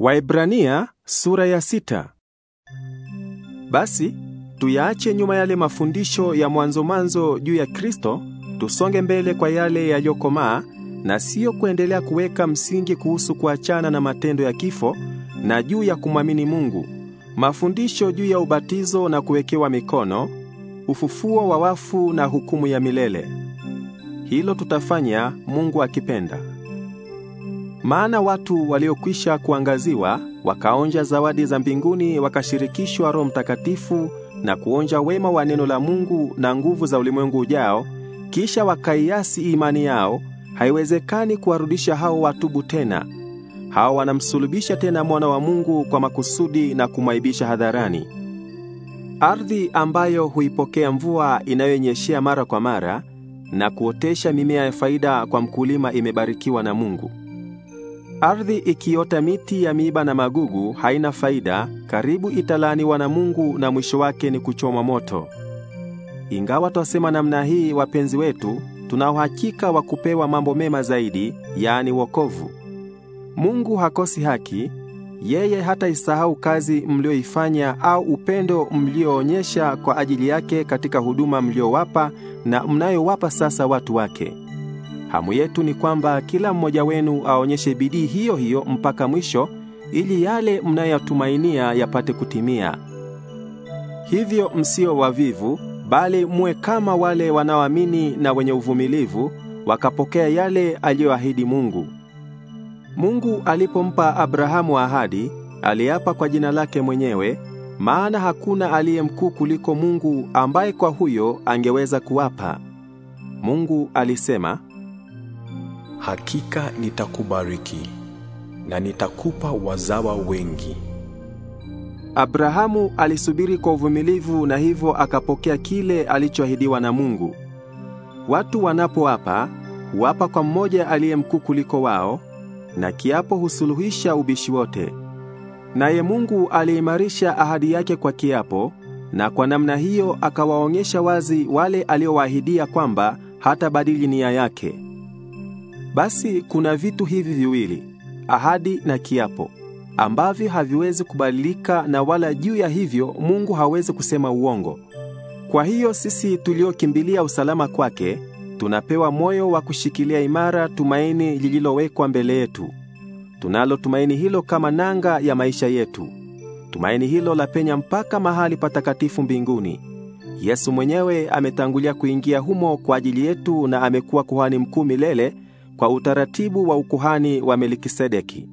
Waebrania sura ya sita. Basi tuyaache nyuma yale mafundisho ya mwanzo manzo juu ya Kristo, tusonge mbele kwa yale yaliyokomaa na siyo kuendelea kuweka msingi kuhusu kuachana na matendo ya kifo na juu ya kumwamini Mungu. Mafundisho juu ya ubatizo na kuwekewa mikono, ufufuo wa wafu na hukumu ya milele. Hilo tutafanya Mungu akipenda. Maana watu waliokwisha kuangaziwa wakaonja zawadi za mbinguni, wakashirikishwa Roho Mtakatifu na kuonja wema wa neno la Mungu na nguvu za ulimwengu ujao, kisha wakaiasi imani yao. Haiwezekani kuwarudisha hao watubu tena. Hao wanamsulubisha tena mwana wa Mungu kwa makusudi na kumwaibisha hadharani. Ardhi ambayo huipokea mvua inayonyeshea mara kwa mara na kuotesha mimea ya faida kwa mkulima imebarikiwa na Mungu. Ardhi ikiota miti ya miiba na magugu haina faida, karibu italaaniwa na Mungu na mwisho wake ni kuchomwa moto. Ingawa twasema namna hii, wapenzi wetu, tuna uhakika wa kupewa mambo mema zaidi, yaani wokovu. Mungu hakosi haki, yeye hataisahau kazi mlioifanya au upendo mlioonyesha kwa ajili yake katika huduma mliowapa na mnayowapa sasa watu wake. Hamu yetu ni kwamba kila mmoja wenu aonyeshe bidii hiyo hiyo mpaka mwisho, ili yale mnayotumainia yapate kutimia. Hivyo msio wavivu, bali muwe kama wale wanaoamini na wenye uvumilivu, wakapokea yale aliyoahidi Mungu. Mungu alipompa Abrahamu ahadi, aliapa kwa jina lake mwenyewe, maana hakuna aliye mkuu kuliko Mungu ambaye kwa huyo angeweza kuapa. Mungu alisema, hakika nitakubariki na nitakupa wazawa wengi. Abrahamu alisubiri kwa uvumilivu na hivyo akapokea kile alichoahidiwa na Mungu. Watu wanapoapa, huapa kwa mmoja aliye mkuu kuliko wao, na kiapo husuluhisha ubishi wote. Naye Mungu aliimarisha ahadi yake kwa kiapo, na kwa namna hiyo akawaonyesha wazi wale aliowaahidia kwamba hatabadili nia yake. Basi kuna vitu hivi viwili, ahadi na kiapo, ambavyo haviwezi kubadilika na wala juu ya hivyo Mungu hawezi kusema uongo. Kwa hiyo sisi tuliokimbilia usalama kwake, tunapewa moyo wa kushikilia imara tumaini lililowekwa mbele yetu. Tunalo tumaini hilo kama nanga ya maisha yetu. Tumaini hilo lapenya mpaka mahali patakatifu mbinguni. Yesu mwenyewe ametangulia kuingia humo kwa ajili yetu na amekuwa kuhani mkuu milele kwa utaratibu wa ukuhani wa Melkisedeki.